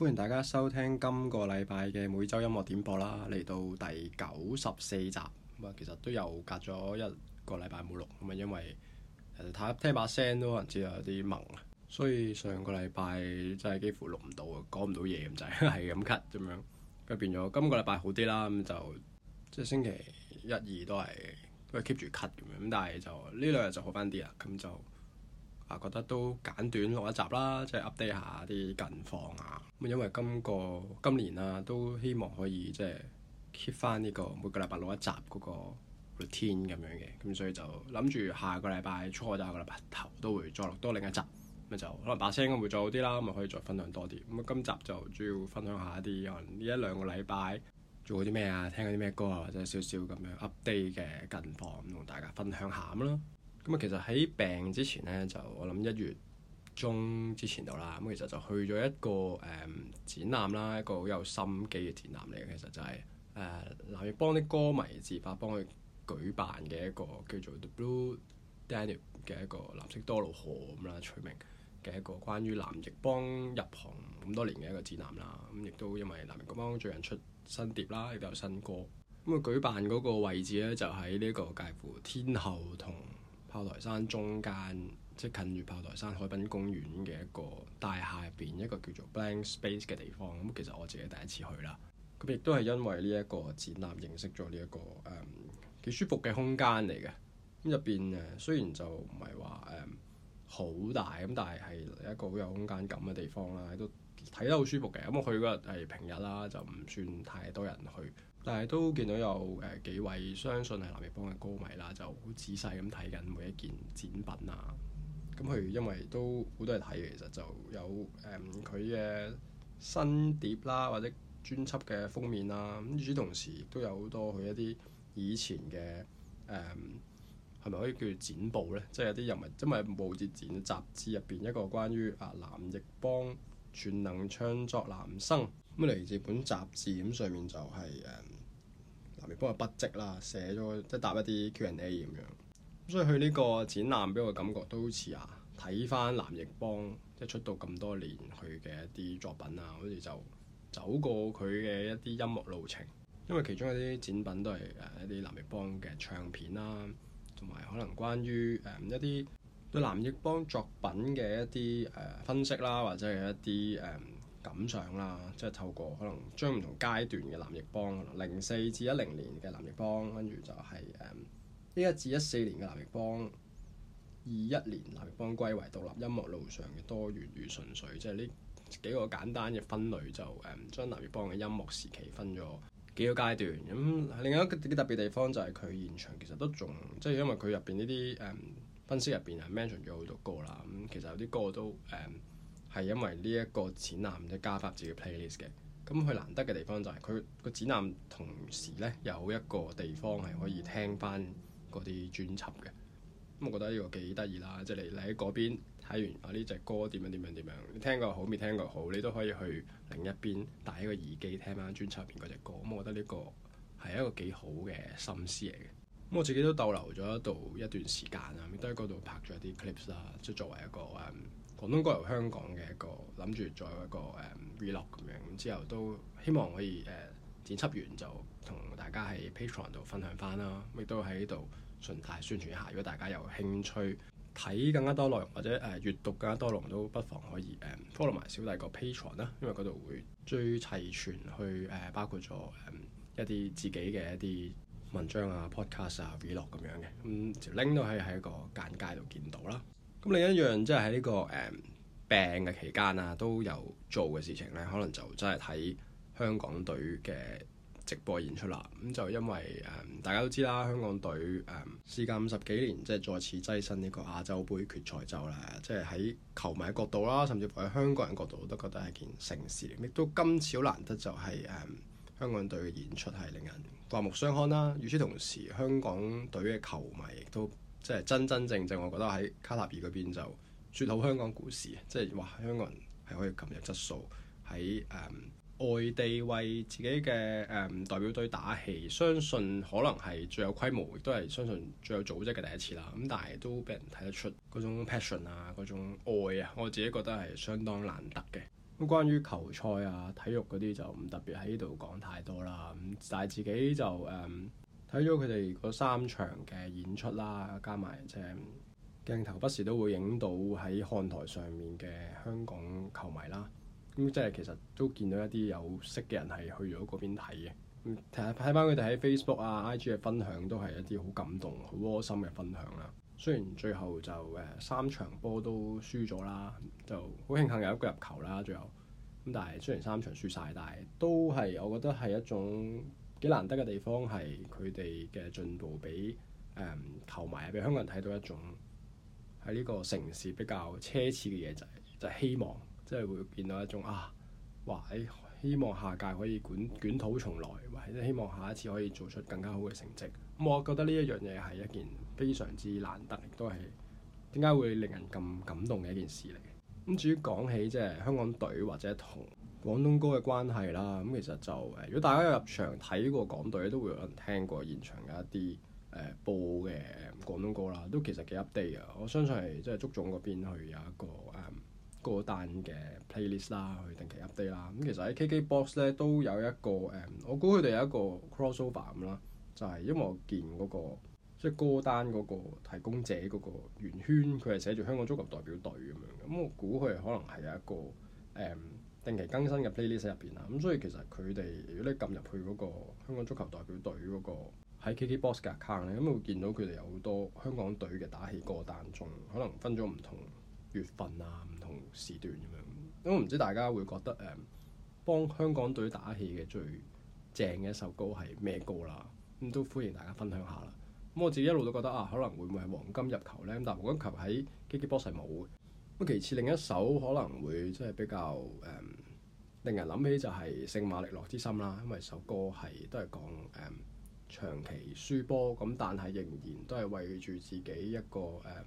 歡迎大家收聽今個禮拜嘅每周音樂點播啦，嚟到第九十四集咁啊，其實都有隔咗一個禮拜冇錄咁啊，因為睇聽把聲都可能知道有啲萌啊，所以上個禮拜真係幾乎錄唔到啊，講唔到嘢咁就係咁 cut 咁樣，咁變咗今個禮拜好啲啦，咁就即係星期一二都係都係 keep 住 cut 咁樣，咁但係就呢兩日就好翻啲啦，咁就。啊，覺得都簡短錄一集啦，即係 update 下啲近況啊。咁因為今個今年啊，都希望可以即係 keep 翻呢個每個禮拜錄一集嗰個 routine 咁樣嘅，咁所以就諗住下個禮拜初就下個禮拜頭都會再錄多另一集，咁就可能把聲會再好啲啦，咁咪可以再分享多啲。咁啊，今集就主要分享下一啲可能呢一兩個禮拜做過啲咩啊，聽過啲咩歌啊，或者少少咁樣 update 嘅近況，同大家分享下咁咯。咁其實喺病之前呢，就我諗一月中之前度啦。咁其實就去咗一個誒、嗯、展覽啦，一個好有心機嘅展覽嚟嘅。其實就係、是、誒、呃、藍奕邦啲歌迷自發幫佢舉辦嘅一個叫做、The、Blue Danube 嘅一個藍色多瑙河咁啦，取名嘅一個關於藍奕邦入行咁多年嘅一個展覽啦。咁亦都因為藍奕邦最近出新碟啦，亦都有新歌咁啊。舉辦嗰個位置呢，就喺呢個介乎天后同炮台山中間，即係近住炮台山海濱公園嘅一個大廈入邊，一個叫做 Blank Space 嘅地方。咁其實我自己第一次去啦，咁亦都係因為呢一個展覽認識咗呢一個誒幾、嗯、舒服嘅空間嚟嘅。咁入邊誒雖然就唔係話誒好大，咁但係係一個好有空間感嘅地方啦，都睇得好舒服嘅。咁我去嗰日係平日啦，就唔算太多人去。但係都見到有誒、呃、幾位相信係藍奕邦嘅歌迷啦，就好仔細咁睇緊每一件展品啊。咁佢因為都好多人睇，其實就有誒佢嘅新碟啦，或者專輯嘅封面啊。咁與此同時都有好多佢一啲以前嘅誒係咪可以叫做展報咧？即係有啲人物，因為報紙剪雜誌入邊一個關於阿藍奕邦全能唱作男生，咁嚟自本雜誌，咁上面就係、是、誒。嗯不過佢筆跡啦，寫咗即係答一啲 Q&A 咁樣，咁所以佢呢個展覽俾我嘅感覺都好似啊，睇翻藍奕邦即係出道咁多年佢嘅一啲作品啊，好似就走過佢嘅一啲音樂路程，因為其中一啲展品都係誒一啲藍奕邦嘅唱片啦，同埋可能關於誒、呃、一啲對藍奕邦作品嘅一啲誒、呃、分析啦，或者係一啲誒。呃感想啦，即係透過可能將唔同階段嘅藍奕邦，零四至一零年嘅藍奕邦，跟住就係呢一至一四年嘅藍奕邦，二一年藍奕邦歸為獨立音樂路上嘅多元與純粹，即係呢幾個簡單嘅分類就誒、um, 將藍奕邦嘅音樂時期分咗幾個階段。咁、嗯、另一個幾特別地方就係佢現場其實都仲即係因為佢入邊呢啲誒分析入邊係、uh, mention 咗好多歌啦，咁、嗯、其實有啲歌都誒。Um, 係因為呢一個展覽即加發自己嘅 plays 嘅，咁佢難得嘅地方就係佢個展覽同時呢，有一個地方係可以聽翻嗰啲專輯嘅，咁我覺得呢個幾得意啦，即係你喺嗰邊睇完啊呢隻歌點樣點樣點樣，聽過好未聽過好，你都可以去另一邊戴一個耳機聽翻專輯入邊嗰隻歌，咁我覺得呢個係一個幾好嘅心思嚟嘅。咁我自己都逗留咗一度一段時間啊，都喺嗰度拍咗啲 clips 啦、啊，即係作為一個誒、嗯。廣東歌由香港嘅一個諗住再一個誒 vlog 咁樣，之後都希望可以誒、uh, 剪輯完就同大家喺 Patreon 度分享翻啦，亦都喺度順帶宣傳一下，如果大家有興趣睇更加多內容或者誒、uh, 閱讀更加多內容，都不妨可以誒、um, follow 埋小弟個 Patreon 啦，因為嗰度會最齊全去，去、uh, 誒包括咗、um, 一啲自己嘅一啲文章啊、uh, podcast 啊、uh,、vlog 咁樣嘅，咁條 link 都喺喺一個簡介度見到啦。咁另一樣即係喺呢個誒、嗯、病嘅期間啊，都有做嘅事情咧，可能就真係睇香港隊嘅直播演出啦。咁就因為誒、嗯、大家都知啦，香港隊誒時、嗯、間五十幾年即係再次躋身呢個亞洲盃決賽周咧，即係喺球迷角度啦，甚至乎喺香港人角度都覺得係件盛事。亦都今次好難得就係、是、誒、嗯、香港隊嘅演出係令人刮目相看啦。與此同時，香港隊嘅球迷亦都。即係真真正正，我覺得喺卡塔爾嗰邊就說好香港故事，即係哇！香港人係可以咁有質素，喺誒外地為自己嘅誒、嗯、代表隊打氣，相信可能係最有規模，亦都係相信最有組織嘅第一次啦。咁、嗯、但係都俾人睇得出嗰種 passion 啊，嗰種愛啊，我自己覺得係相當難得嘅。咁關於球賽啊、體育嗰啲就唔特別喺呢度講太多啦。咁但係自己就誒。嗯睇咗佢哋嗰三場嘅演出啦，加埋即係鏡頭不時都會影到喺看台上面嘅香港球迷啦。咁即係其實都見到一啲有識嘅人係去咗嗰邊睇嘅。睇睇返佢哋喺 Facebook 啊、IG 嘅分享，都係一啲好感動、好窩心嘅分享啦。雖然最後就誒三場波都輸咗啦，就好慶幸有一個入球啦。最後咁，但係雖然三場輸晒，但係都係我覺得係一種，幾難得嘅地方係佢哋嘅進步，俾誒球迷啊，俾香港人睇到一種喺呢個城市比較奢侈嘅嘢，就係就係希望，即係會見到一種啊，哇！你希望下屆可以捲捲土重來，或者希望下一次可以做出更加好嘅成績。咁我覺得呢一樣嘢係一件非常之難得，亦都係點解會令人咁感動嘅一件事嚟嘅。咁至於講起即係香港隊或者同，廣東歌嘅關係啦，咁其實就如果大家有入場睇過港隊，都會有人聽過現場嘅一啲誒、呃、播嘅廣東歌啦，都其實幾 update 嘅。我相信係即係足總嗰邊去有一個誒、嗯、歌單嘅 playlist 啦，去定期 update 啦。咁其實喺 KKbox 咧都有一個誒、嗯，我估佢哋有一個 crossover 咁啦，就係、是、因為我見嗰、那個即係、就是、歌單嗰個提供者嗰個圓圈，佢係寫住香港足球代表隊咁樣嘅。咁我估佢可能係有一個誒、嗯定期更新入 playlist 入邊啊，咁所以其實佢哋如果你撳入去嗰、嗰個香港足球代表隊嗰、嗰個喺 KKbox 嘅 account 咧，咁會見到佢哋有好多香港隊嘅打氣歌單，但仲可能分咗唔同月份啊、唔同時段咁樣。咁我唔知大家會覺得誒、嗯、幫香港隊打氣嘅最正嘅一首歌係咩歌啦？咁都歡迎大家分享下啦。咁我自己一路都覺得啊，可能會唔會係黃金入球咧？但黃金球喺 KKbox 係冇嘅。咁其次，另一首可能會即係比較誒、嗯，令人諗起就係聖馬力諾之心啦。因為首歌係都係講誒、嗯、長期輸波，咁但係仍然都係為住自己一個誒、嗯、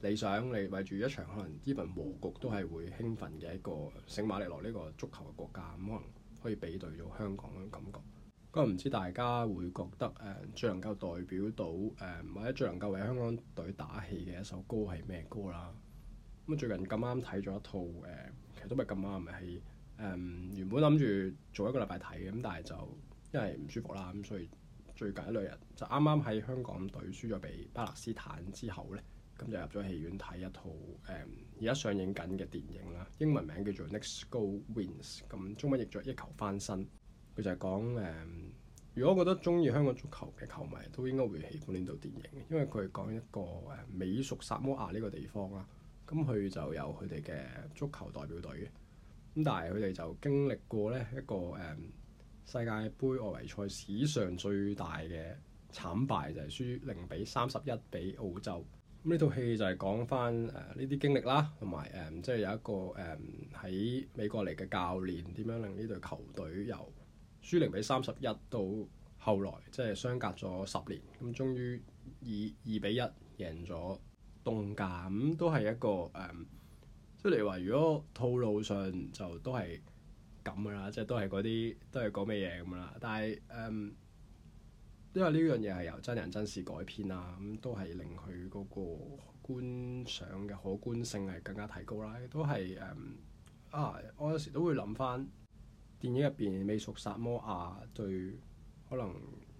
理想你為住一場可能 even 和局都係會興奮嘅一個聖馬力諾呢個足球嘅國家。咁、嗯、可能可以比對到香港嘅感覺。咁唔知大家會覺得誒、嗯、最能夠代表到誒、嗯、或者最能夠為香港隊打氣嘅一首歌係咩歌啦？咁最近咁啱睇咗一套誒，其實都唔係咁啱咪？係、嗯、誒。原本諗住做一個禮拜睇嘅，咁但係就因係唔舒服啦。咁所以最近一兩日就啱啱喺香港隊輸咗俾巴勒斯坦之後咧，咁就入咗戲院睇一套誒而家上映緊嘅電影啦。英文名叫做《Next g o Wins》，咁中文譯作《一球翻身》。佢就係講誒，如果覺得中意香港足球嘅球迷，都應該會喜歡呢度電影，因為佢係講一個誒美屬撒摩亞呢個地方啦。咁佢就有佢哋嘅足球代表隊。咁但係，佢哋就經歷過呢一個誒、嗯、世界盃外圍賽史上最大嘅慘敗，就係輸零比三十一比澳洲。咁呢套戲就係講翻誒呢啲經歷啦，同埋誒即係有一個誒喺、嗯、美國嚟嘅教練點樣令呢隊球隊由輸零比三十一到後來即係、就是、相隔咗十年，咁終於以二比一贏咗。動感、嗯、都係一個誒，即係你話如果套路上就都係咁噶啦，即係都係嗰啲都係講咩嘢咁啦。但係誒、嗯，因為呢樣嘢係由真人真事改編啦，咁、嗯、都係令佢嗰個觀賞嘅可觀性係更加提高啦。都係誒、嗯、啊！我有時都會諗翻電影入邊，美屬薩摩亞對可能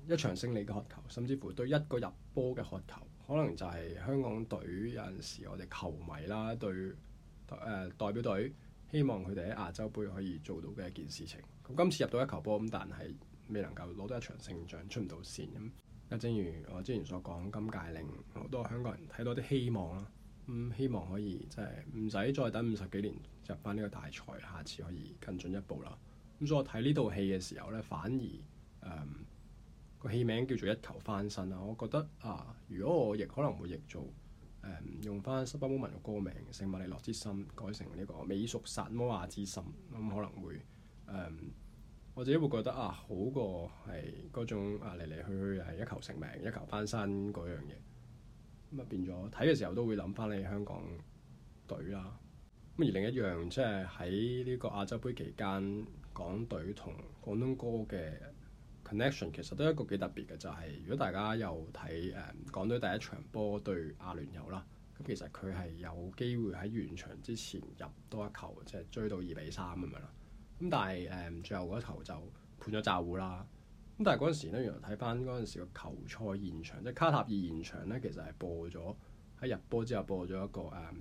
一場勝利嘅渴求，甚至乎對一個入波嘅渴求。可能就係香港隊有陣時，我哋球迷啦，對、呃、代表隊，希望佢哋喺亞洲盃可以做到嘅一件事情。咁今次入到一球波，咁但係未能夠攞到一場勝仗，出唔到線咁。正如我之前所講，今屆令好多香港人睇到啲希望啦。咁希望可以即係唔使再等五十幾年入翻呢個大賽，下次可以更進一步啦。咁所以我睇呢套戲嘅時候呢，反而、嗯個戲名叫做《一球翻身》啊！我覺得啊，如果我亦可能會譯做誒、嗯，用翻《Supper Moment》嘅歌名《聖馬力諾之心》，改成呢個《美屬薩摩亞之心》，嗯，咁可能會誒、嗯，我自己會覺得啊，好過係嗰種啊嚟嚟去去係一球成名、一球翻身嗰樣嘢。咁啊變咗睇嘅時候都會諗翻你香港隊啦。咁而另一樣即係喺呢個亞洲盃期間，港隊同廣東歌嘅 connection 其實都係一個幾特別嘅，就係、是、如果大家又睇誒港隊第一場波對阿聯酋啦，咁其實佢係有機會喺完場之前入多一球，即、就、係、是、追到二比三咁樣啦。咁但係誒、嗯、最後嗰球就判咗詐糊啦。咁但係嗰陣時咧，原來睇翻嗰陣時個球賽現場即係卡塔爾現場咧，其實係播咗喺入波之後播咗一個誒、嗯、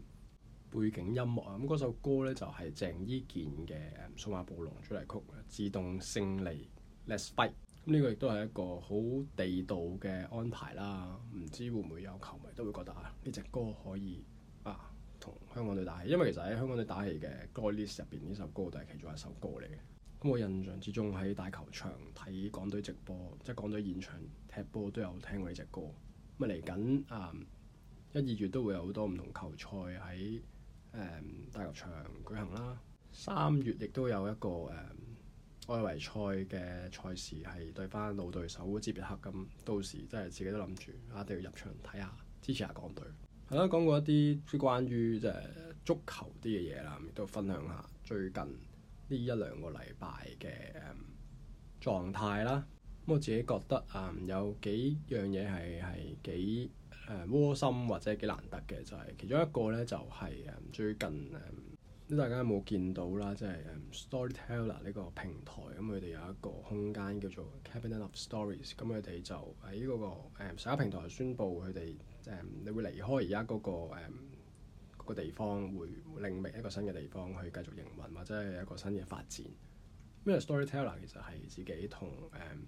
背景音樂啊。咁嗰首歌咧就係、是、鄭伊健嘅《誒數碼暴龍主題曲》自動勝利，Let's Fight。呢、嗯這個亦都係一個好地道嘅安排啦，唔知會唔會有球迷都會覺得啊，呢隻歌可以啊，同香港隊打氣，因為其實喺香港隊打氣嘅歌 list 入邊呢首歌都係其中一首歌嚟嘅。咁、嗯、我印象之中喺大球場睇港隊直播，即係港隊現場踢波都有聽過呢隻歌。咁啊嚟緊啊，一二、嗯、月都會有好多唔同球賽喺誒大球場舉行啦。三月亦都有一個誒。嗯外圍賽嘅賽事係對翻老對手烏茲別克咁，到時真係自己都諗住啊，一定要入場睇下支持下港隊。係咯，講過一啲關於即係足球啲嘅嘢啦，亦都分享下最近呢一兩個禮拜嘅誒狀態啦。咁我自己覺得啊、嗯，有幾樣嘢係係幾誒、嗯、窩心或者幾難得嘅，就係、是、其中一個呢，就係、是、最近誒。嗯大家有冇見到啦，即係 Storyteller 呢個平台咁，佢哋有一個空間叫做 Cabinet of Stories、那個。咁佢哋就喺嗰個社交平台宣佈佢哋誒，你會離開而家嗰個誒、嗯那個、地方，會另覓一個新嘅地方去繼續營運，或者係一個新嘅發展。因為 Storyteller 其實係自己同誒、嗯、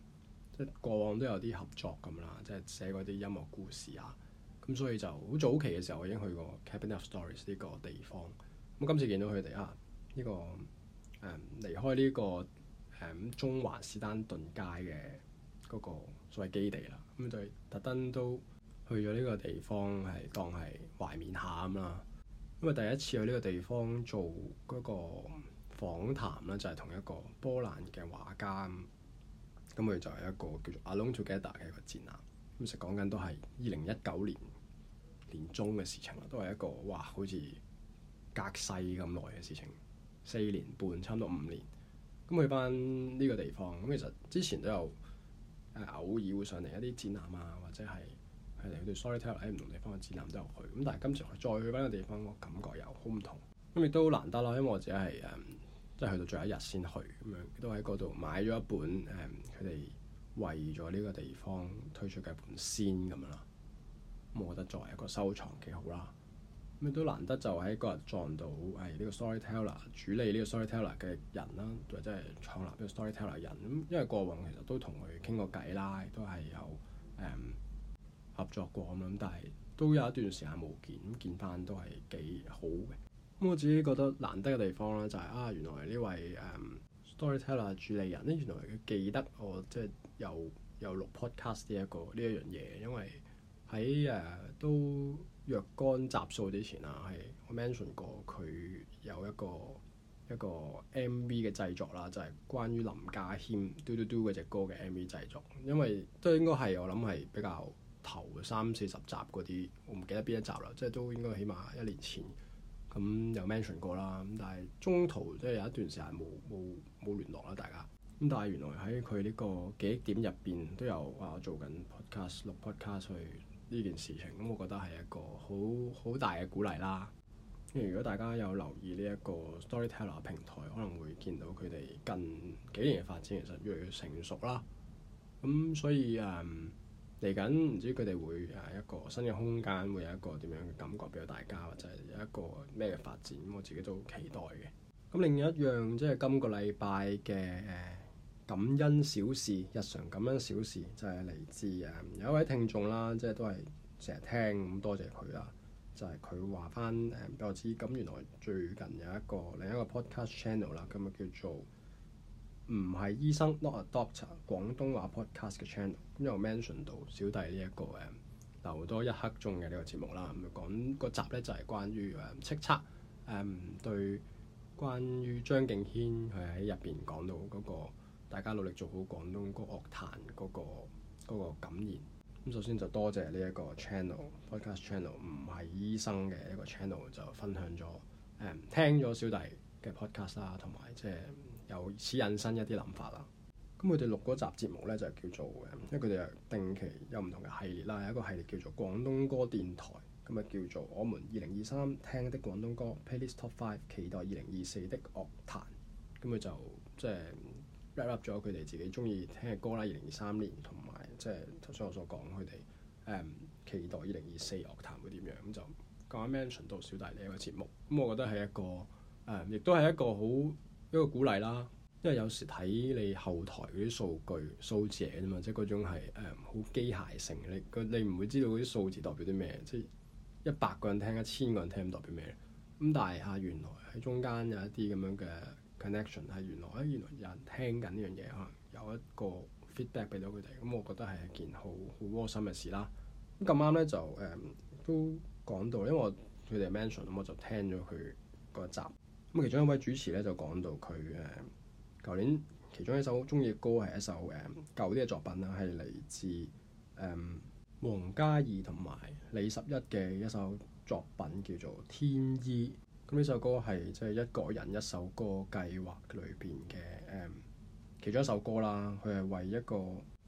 即係過往都有啲合作咁啦，即係寫嗰啲音樂故事啊。咁所以就好早期嘅時候，我已經去過 Cabinet of Stories 呢個地方。咁今次見到佢哋啊，呢、這個誒、嗯、離開呢、這個誒、嗯、中環士丹頓街嘅嗰個所謂基地啦，咁、嗯、就特登都去咗呢個地方係當係懷緬下咁啦。因、嗯、為第一次去呢個地方做嗰個訪談啦，就係、是、同一個波蘭嘅畫家咁，佢、嗯、就係、是、一個叫做 Alonzo Geter 嘅一個展覽。咁、嗯、其實講緊都係二零一九年年中嘅事情啦，都係一個哇，好似～隔世咁耐嘅事情，四年半，差唔多五年，咁去翻呢個地方，咁其實之前都有偶爾會上嚟一啲展覽啊，或者係係嚟佢哋 storyteller 喺唔同地方嘅展覽都有去，咁但係今次我再去翻個地方，我感覺又好唔同，咁亦都難得啦，因為我自己係即係去到最後一日先去，咁樣都喺嗰度買咗一本誒佢哋為咗呢個地方推出嘅一本 zine。咁樣啦，咁我覺得作為一個收藏幾好啦。咁都難得就喺嗰日撞到係呢個 storyteller 主理呢個 storyteller 嘅人啦，或者係創立呢個 storyteller 人。咁因為過往其實都同佢傾過偈啦，亦都係有誒、um, 合作過咁啦。但係都有一段時間冇見，咁見翻都係幾好嘅。咁我自己覺得難得嘅地方咧、就是，就係啊，原來呢位誒、um, storyteller 主理人咧，原來佢記得我即係、就是、有又錄 podcast 呢、這、一個呢一樣嘢，因為喺誒、呃、都。若干集數之前啊，係我 mention 過佢有一個一個 MV 嘅製作啦，就係、是、關於林家謙 Do Do Do 嗰隻歌嘅 MV 製作，因為都應該係我諗係比較頭三四十集嗰啲，我唔記得邊一集啦，即係都應該起碼一年前，咁有 mention 過啦。咁但係中途即係有一段時間冇冇冇聯絡啦，大家。咁但係原來喺佢呢個記憶點入邊都有話做緊 podcast 錄 podcast 去。呢件事情，咁我覺得係一個好好大嘅鼓勵啦。因為如果大家有留意呢一個 Storyteller 平台，可能會見到佢哋近幾年嘅發展，其實越嚟越成熟啦。咁所以誒，嚟緊唔知佢哋會誒一個新嘅空間，會有一個點樣嘅感覺俾到大家，或者有一個咩嘅發展，我自己都好期待嘅。咁另一樣即係今個禮拜嘅。呃感恩小事，日常感恩小事就係、是、嚟自誒、嗯、有一位聽眾啦，即係都係成日聽咁，多謝佢啦。就係佢話翻誒俾我知咁，原來最近有一個另一個 podcast channel 啦，咁啊叫做唔係醫生 （not a doctor） 廣東話 podcast 嘅 channel。因為我 mention 到小弟呢、這、一個誒、嗯、留多一刻鐘嘅呢個節目啦，咁、嗯、講個集咧就係關於誒叱咤誒對關於張敬軒佢喺入邊講到嗰、那個。大家努力做好廣東歌樂壇嗰、那個那個感言咁，首先就多謝呢一個 channel podcast channel，唔係醫生嘅一個 channel 就分享咗誒、嗯、聽咗小弟嘅 podcast 啦，同埋即係由此引申一啲諗法啦。咁佢哋錄嗰集節目呢，就叫做，因為佢哋定期有唔同嘅系列啦，有一個系列叫做廣東歌電台咁啊，就叫做我們二零二三聽的廣東歌 playlist top five，期待二零二四的樂壇咁佢就即係。就是 wrap up 咗佢哋自己中意聽嘅歌啦，二零二三年同埋即係頭先我所講，佢哋誒期待二零二四樂壇會點樣咁，就咁樣 mention 到小弟呢個節目，咁我覺得係一個誒，亦都係一個好一個鼓勵啦。因為有時睇你後台嗰啲數據、數字嘅嘛，即係嗰種係好、um, 機械性，你佢你唔會知道嗰啲數字代表啲咩，即係一百個人聽一千個人聽代表咩？咁但係啊，原來喺中間有一啲咁樣嘅。connection 係原來，誒原來有人聽緊呢樣嘢，可能有一個 feedback 俾到佢哋，咁我覺得係一件好好窩心嘅事啦。咁咁啱咧就誒、嗯、都講到，因為我佢哋 mention 咁，我就聽咗佢嗰集。咁其中一位主持咧就講到佢誒，舊、嗯、年其中一首好中意嘅歌係一首誒、嗯、舊啲嘅作品啦，係嚟自誒王嘉儀同埋李拾壹嘅一首作品，叫做《天衣》。咁呢首歌係即係一個人一首歌計劃裏邊嘅誒其中一首歌啦。佢係為一個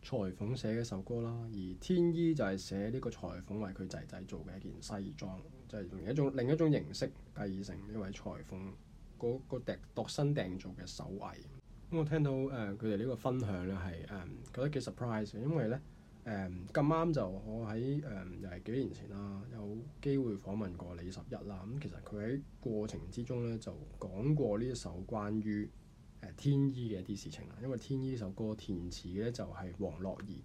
裁縫寫嘅一首歌啦。而天衣就係寫呢個裁縫為佢仔仔做嘅一件西裝，就係、是、另一種另一種形式，繼承呢位裁縫嗰個訂度身訂造嘅手藝。咁我聽到誒佢哋呢個分享咧，係、um, 誒覺得幾 surprise，因為咧。誒咁啱就我喺誒、嗯、又係幾年前啦，有機會訪問過李拾壹啦。咁其實佢喺過程之中咧就講過呢一首關於誒、呃、天衣嘅一啲事情啦。因為天衣首歌填詞咧就係黃樂怡。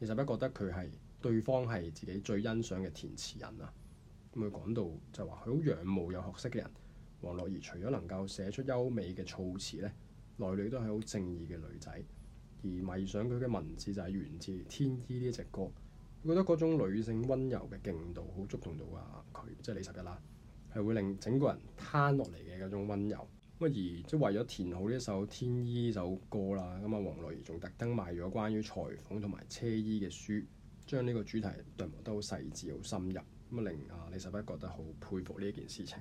李拾壹覺得佢係對方係自己最欣賞嘅填詞人啦。咁、嗯、佢講到就話佢好仰慕有學識嘅人。黃樂怡除咗能夠寫出優美嘅措辭咧，內裏都係好正義嘅女仔。而迷上佢嘅文字就係源自《天衣》呢隻歌，我覺得嗰種女性溫柔嘅勁度好觸動到啊佢，即係李拾壹啦，係會令整個人攤落嚟嘅嗰種溫柔。咁而即係為咗填好呢首《天衣》呢首歌啦，咁啊黃樂怡仲特登買咗關於裁縫同埋車衣嘅書，將呢個主題對得好細緻、好深入，咁啊令啊李拾壹覺得好佩服呢一件事情。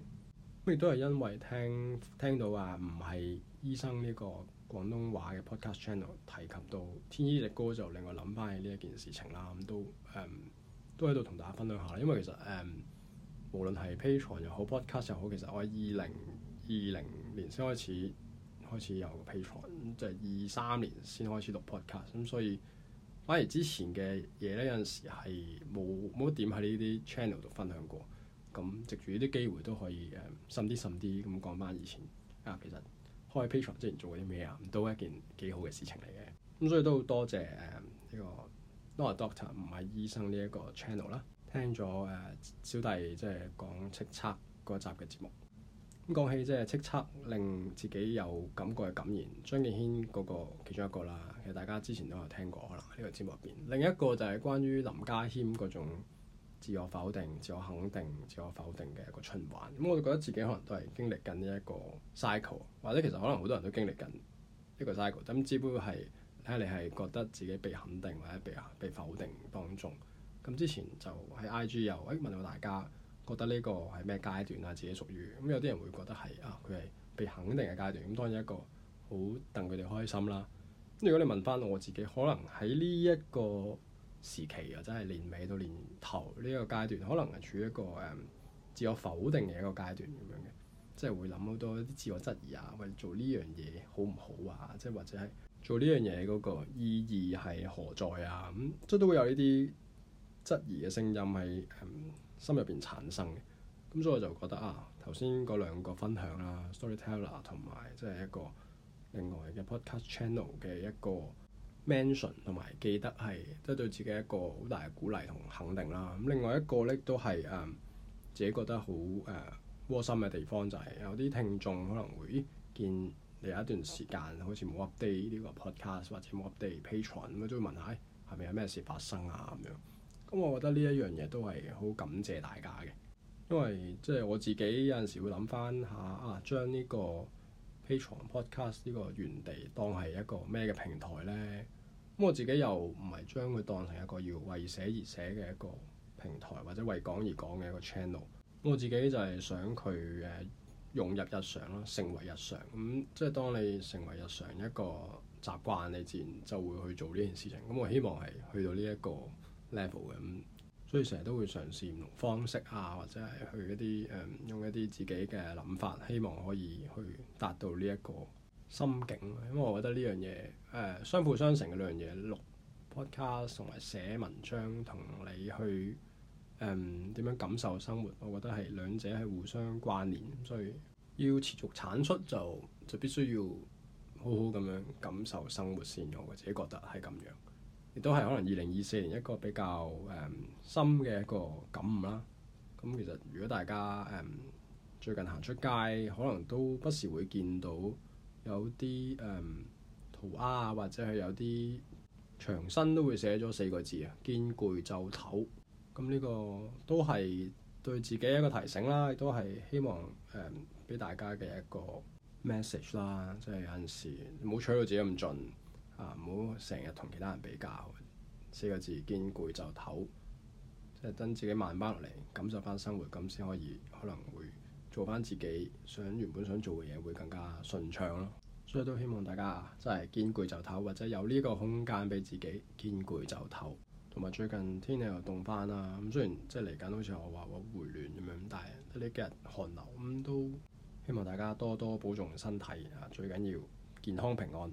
咁亦都係因為聽聽到啊，唔係醫生呢個。廣東話嘅 podcast channel 提及到天衣力高，就令我諗翻起呢一件事情啦。咁都誒、嗯，都喺度同大家分享下。因為其實誒、嗯，無論係 patreon 又好 podcast 又好，其實我喺二零二零年先開始開始有個 patreon，就係二三年先開始錄 podcast、嗯。咁所以反而之前嘅嘢咧，有陣時係冇冇一點喺呢啲 channel 度分享過。咁、嗯、藉住呢啲機會都可以誒、嗯，深啲深啲咁講翻以前啊，其實～開 Patreon 之前做過啲咩啊？都係一件幾好嘅事情嚟嘅，咁所以都好多謝誒呢、嗯這個 Not a Doctor 唔係醫生呢一個 channel 啦，聽咗誒、呃、小弟即係講叱咤嗰集嘅節目。咁、嗯、講起即係叱咤令自己有感覺嘅感言，張敬軒嗰個其中一個啦，其實大家之前都有聽過，可能呢個節目入邊。另一個就係關於林家謙嗰種。自我否定、自我肯定、自我否定嘅一個循環，咁、嗯、我就覺得自己可能都係經歷緊呢一個 cycle，或者其實可能好多人都經歷緊一個 cycle，咁、嗯、只不過係睇下你係覺得自己被肯定或者被被否定當中。咁、嗯、之前就喺 IG 又誒問到大家覺得呢個係咩階段啊？自己屬於咁、嗯、有啲人會覺得係啊，佢係被肯定嘅階段，咁、嗯、當然一個好戥佢哋開心啦、嗯。如果你問翻我自己，可能喺呢一個。時期啊，真係年尾到年頭呢一個階段，可能係處於一個誒、嗯、自我否定嘅一個階段咁樣嘅，即係會諗好多啲自我質疑啊，或者做呢樣嘢好唔好啊，即係或者係做呢樣嘢嗰個意義係何在啊，咁即係都會有呢啲質疑嘅聲音係、嗯、心入邊產生嘅。咁所以我就覺得啊，頭先嗰兩個分享啦、啊、storyteller 同埋即係一個另外嘅 podcast channel 嘅一個。Mention 同埋記得係都對自己一個好大嘅鼓勵同肯定啦。咁另外一個咧都係誒、呃、自己覺得好誒、呃、窩心嘅地方就係、是、有啲聽眾可能會見你有一段時間好似冇 update 呢個 podcast 或者冇 update Patreon，咁都會問下係咪、哎、有咩事發生啊咁樣。咁、嗯、我覺得呢一樣嘢都係好感謝大家嘅，因為即係、就是、我自己有陣時會諗翻下啊，將呢、這個 Patreon podcast 呢個原地當係一個咩嘅平台呢？咁我自己又唔係將佢當成一個要為寫而寫嘅一個平台，或者為講而講嘅一個 channel。我自己就係想佢誒融入日常咯，成為日常。咁即係當你成為日常一個習慣，你自然就會去做呢件事情。咁我希望係去到呢一個 level 咁。所以成日都會嘗試唔同方式啊，或者係去一啲誒、嗯、用一啲自己嘅諗法，希望可以去達到呢一個心境。因為我覺得呢樣嘢誒相輔相成嘅兩樣嘢，錄 podcast 同埋寫文章同你去誒點、嗯、樣感受生活，我覺得係兩者係互相關聯，所以要持續產出就就必須要好好咁樣感受生活先。我自己覺得係咁樣。亦都係可能二零二四年一個比較誒、um, 深嘅一個感悟啦。咁、嗯、其實如果大家誒、um, 最近行出街，可能都不時會見到有啲誒塗鴉啊，或者係有啲牆身都會寫咗四個字啊：見攰就抖。咁、嗯、呢、這個都係對自己一個提醒啦，亦都係希望誒俾、um, 大家嘅一個 message 啦。即係有陣時唔好取到自己咁盡。啊！唔好成日同其他人比較，四個字：見攰就唞，即係等自己慢慢嚟，感受翻生活，咁先可以可能會做翻自己想原本想做嘅嘢，會更加順暢咯。所以都希望大家真係見攰就唞，或者有呢個空間俾自己見攰就唞。同埋最近天氣又凍翻啦，咁雖然即係嚟緊好似我話我回暖咁樣，但係呢幾日寒流咁、嗯、都希望大家多多保重身體啊！最緊要健康平安。